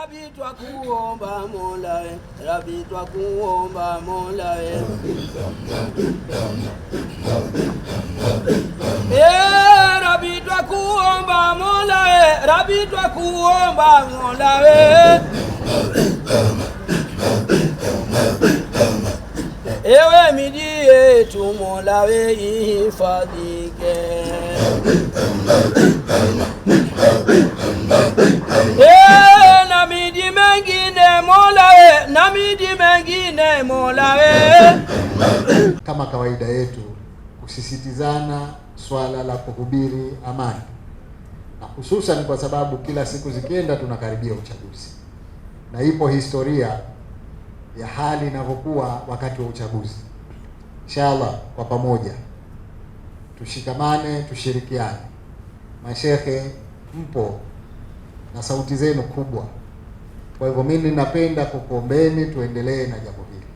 Rabi, twakuomba Mola we, Rabi, twakuomba Mola we eh, Rabi, Mola we, ewe miji yetu Mola we ihifadhike kama kawaida yetu kusisitizana swala la kuhubiri amani, na hususan kwa sababu kila siku zikienda tunakaribia uchaguzi na ipo historia ya hali inavyokuwa wakati wa uchaguzi. Inshallah, kwa pamoja tushikamane, tushirikiane. Mashehe mpo na sauti zenu kubwa, kwa hivyo mimi ninapenda kukuombeni tuendelee na jambo hili,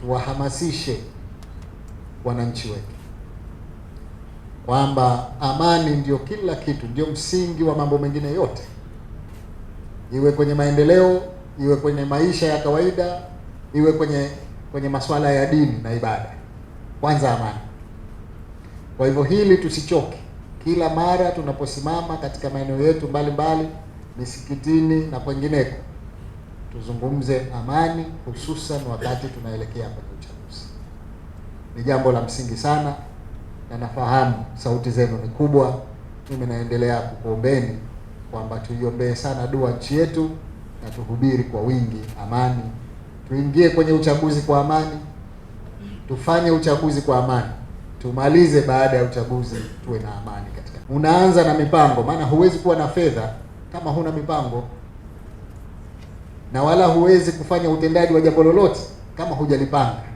tuwahamasishe wananchi wetu, kwamba amani ndiyo kila kitu, ndio msingi wa mambo mengine yote, iwe kwenye maendeleo, iwe kwenye maisha ya kawaida, iwe kwenye kwenye masuala ya dini na ibada. Kwanza amani. Kwa hivyo hili tusichoke, kila mara tunaposimama katika maeneo yetu mbalimbali, misikitini na kwengineko, tuzungumze amani, hususan wakati tunaelekea kwenye ni jambo la msingi sana, na nafahamu sauti zenu ni kubwa. Mimi naendelea kukuombeni kwamba tuiombee sana dua nchi yetu na tuhubiri kwa wingi amani, tuingie kwenye uchaguzi kwa amani, tufanye uchaguzi kwa amani, tumalize baada ya uchaguzi tuwe na amani. Katika unaanza na mipango, maana huwezi kuwa na fedha kama huna mipango, na wala huwezi kufanya utendaji wa jambo lolote kama hujalipanga.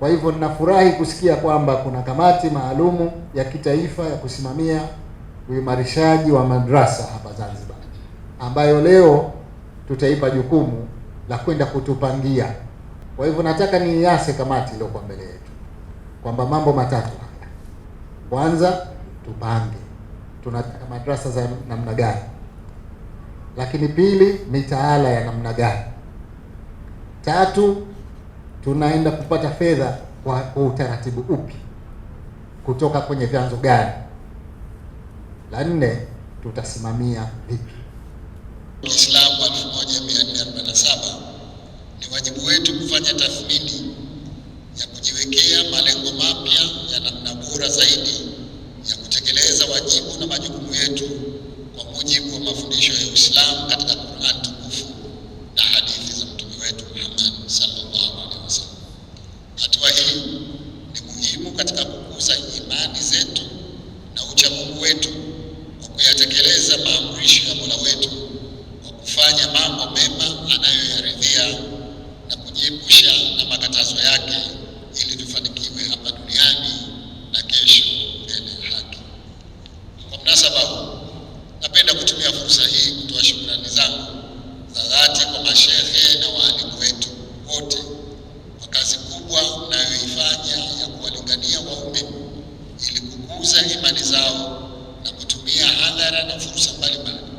Kwa hivyo ninafurahi kusikia kwamba kuna kamati maalumu ya kitaifa ya kusimamia uimarishaji wa madrasa hapa Zanzibar, ambayo leo tutaipa jukumu la kwenda kutupangia. Kwa hivyo nataka niiase kamati iliyokuwa mbele yetu kwamba mambo matatu haya. Kwanza, tupange tunataka madrasa za namna gani, lakini pili, mitaala ya namna gani, tatu tunaenda kupata fedha kwa, kwa utaratibu upi kutoka kwenye vyanzo gani? La nne, tutasimamia vipi? wa 1447 ni wajibu wetu kufanya tathmini ya kujiwekea malengo mapya ya namna bora zaidi ya kutekeleza wajibu na majukumu yetu kwa mujibu wa mafundisho ya Uislamu katika Qur'an. Hatua hii ni muhimu katika kukuza imani zetu na uchamungu wetu kwa kuyatekeleza maamrisho ya Mola wetu kwa kufanya mambo mema anayoyaridhia na kujiepusha na makatazo yake ili tufanikiwe hapa duniani na kesho mbele ya haki. Kwa mnasaba huu, napenda kutumia fursa hii kutoa shukrani zangu za dhati kwa mashehe na waalimu wetu wote kuwalingania waume ili kukuza imani zao na kutumia hadhara na fursa mbalimbali.